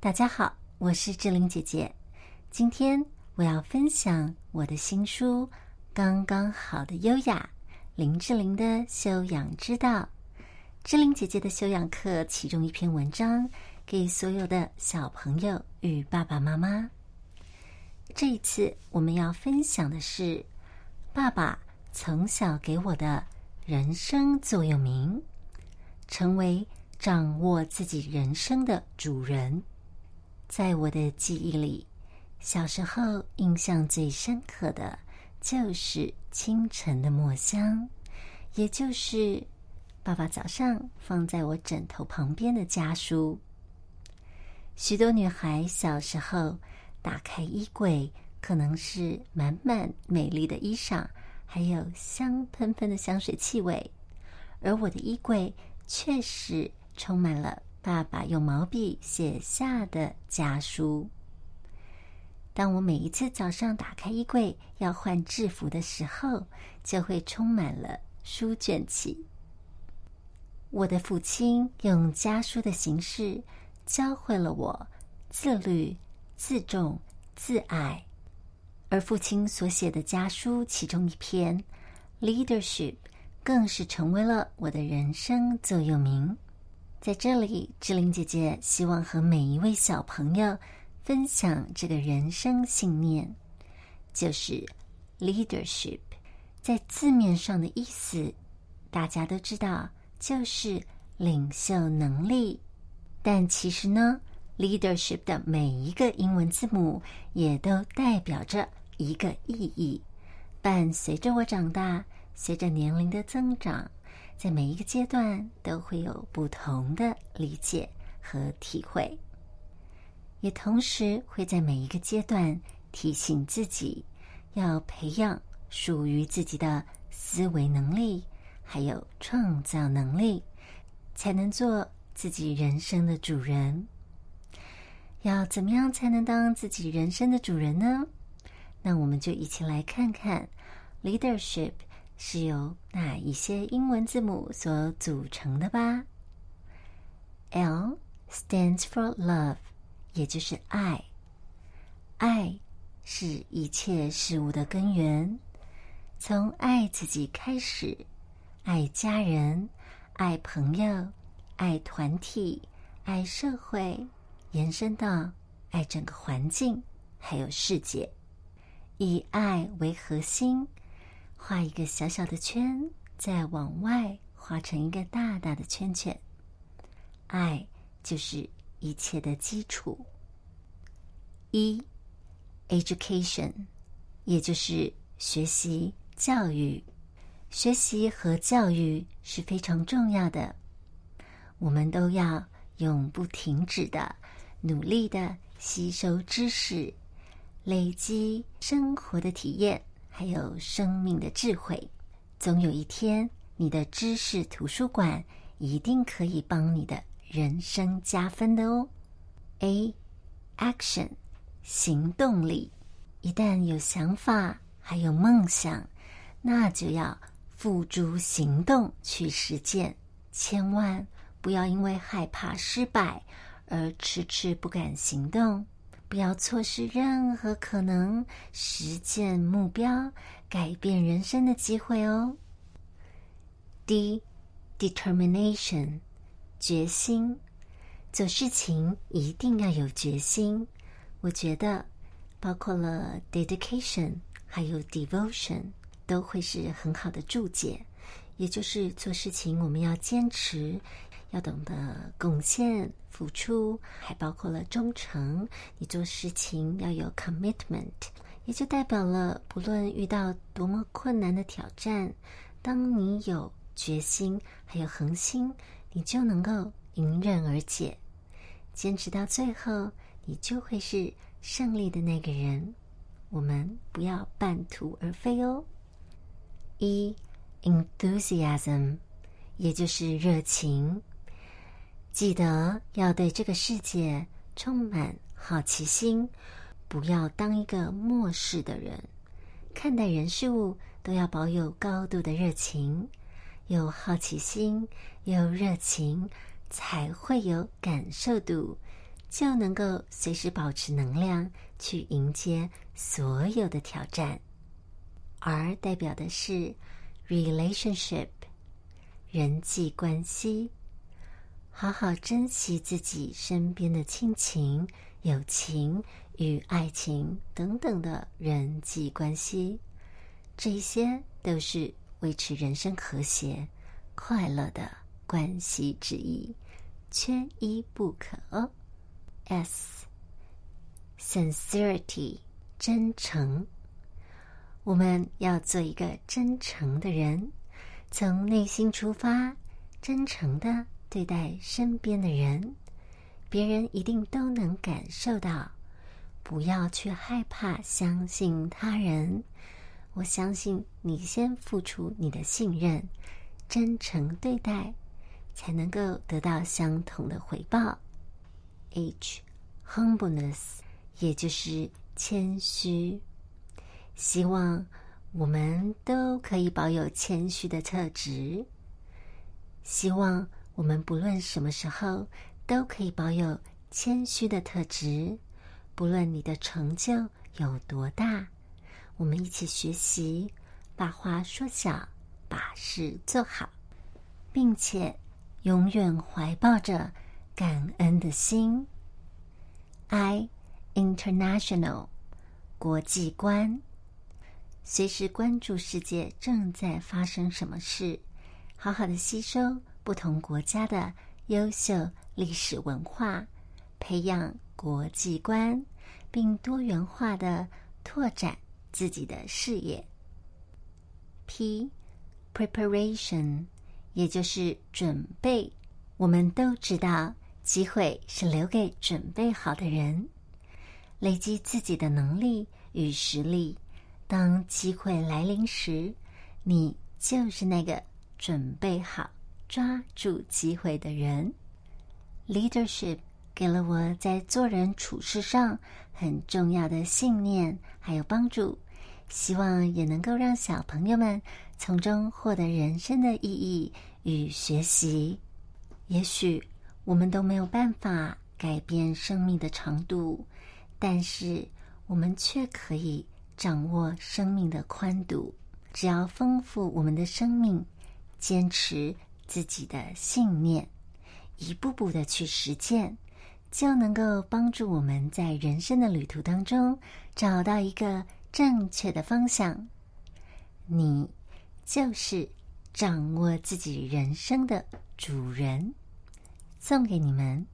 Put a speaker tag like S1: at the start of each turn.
S1: 大家好，我是志玲姐姐。今天我要分享我的新書《剛剛好的優雅》，林志玲的修養之道。志玲姐姐的修養課，其中一篇文章給所有的小朋友與爸爸媽媽。這一次我們要分享的是爸爸從小給我的人生座右銘：成為掌握自己人生的主人。在我的記憶裡，小時候印象最深刻的就是清晨的墨香，也就是爸爸早上放在我枕頭旁邊的家書。許多女孩小時候打開衣櫃，可能是滿滿美麗的衣裳，還有香噴噴的香水氣味，而我的衣櫃確實充滿了。爸爸用毛筆寫下的家書。當我每一次早上打開衣櫃要換制服的時候，就會充滿了書卷氣。我的父親用家書的形式教會了我自律、自重、自愛，而父親所寫的家書其中一篇《Leadership》更是成為了我的人生座右銘。在這裡，志玲姐姐希望和每一位小朋友分享這個人生信念，就是 leadership。在字面上的意思，大家都知道，就是領袖能力。但其實呢，leadership 的每一個英文字母也都代表着一個意義。伴隨着我長大，隨着年齡的增長。在每一個階段都會有不同的理解和體會，也同時會在每一個階段提醒自己，要培養屬於自己的思維能力，還有創造能力，才能做自己人生的主人。要怎麼樣才能當自己人生的主人呢？那我們就一起來看看 Leadership。是由哪一些英文字母所組成的吧？L stands for love，也就是愛。愛是一切事物的根源，從愛自己開始，愛家人，愛朋友，愛團體，愛社會，延伸到愛整個環境，還有世界，以愛為核心。畫一個小小的圈，再往外畫成一個大大的圈圈。愛就是一切的基礎。一，education，也就是學習教育，學習和教育是非常重要的。我們都要永不停止的、努力的吸收知識，累積生活的體驗。還有生命的智慧，總有一天，你的知識圖書館一定可以幫你的人生加分的哦。A，action，行動力。一旦有想法，還有夢想，那就要付諸行動去實踐，千萬不要因為害怕失敗而遲遲不敢行動。不要錯失任何可能實現目標、改變人生的機會哦。D Determination，決心，做事情一定要有決心。我覺得包括了 dedication，還有 devotion，都會是很好的註解。也就是做事情，我們要堅持。要懂得貢獻、付出，還包括了忠誠。你做事情要有 commitment，也就代表了，不論遇到多麼困難的挑戰，當你有決心，還有恆心，你就能夠迎刃而解。堅持到最後，你就會是勝利的那個人。我們不要半途而廢哦。一 enthusiasm，也就是熱情。記得要對這個世界充滿好奇心，不要當一個漠視的人。看待人事物都要保有高度的熱情，有好奇心，有熱情，才會有感受度，就能夠隨時保持能量去迎接所有的挑戰。R 代表的是 relationship，人際關係。好好珍惜自己身邊的親情、友情與愛情等等的人際關係，這些都是維持人生和諧、快樂的關係之一，缺一不可哦。S sincerity 真誠，我們要做一個真誠的人，從內心出發，真誠的。對待身邊的人，別人一定都能感受到。不要去害怕相信他人。我相信你，先付出你的信任，真誠對待，才能夠得到相同的回報。H，humbleness，也就是謙虛。希望我們都可以保有謙虛的特質。希望。我們不論什麼時候都可以保有謙虛的特質，不論你的成就有多大，我們一起學習把話說小，把事做好，並且永遠懷抱着感恩的心。I international 國際觀，隨時關注世界正在發生什麼事，好好的吸收。不同國家的優秀歷史文化，培養國際觀，並多元化的拓展自己的視野。P Preparation，也就是準備。我們都知道，機會是留給準備好的人。累積自己的能力與實力，當機會來臨時，你就是那個準備好，抓住機會的人。leadership 給了我在做人處事上很重要的信念，還有幫助。希望也能夠讓小朋友們從中獲得人生的意義與學習。也許我們都沒有辦法改變生命的長度，但是我們卻可以掌握生命的寬度。只要豐富我們的生命，堅持，自己的信念，一步步的去實踐，就能夠幫助我們在人生的旅途當中找到一個正確的方向。你就是掌握自己人生的主人。送給你們。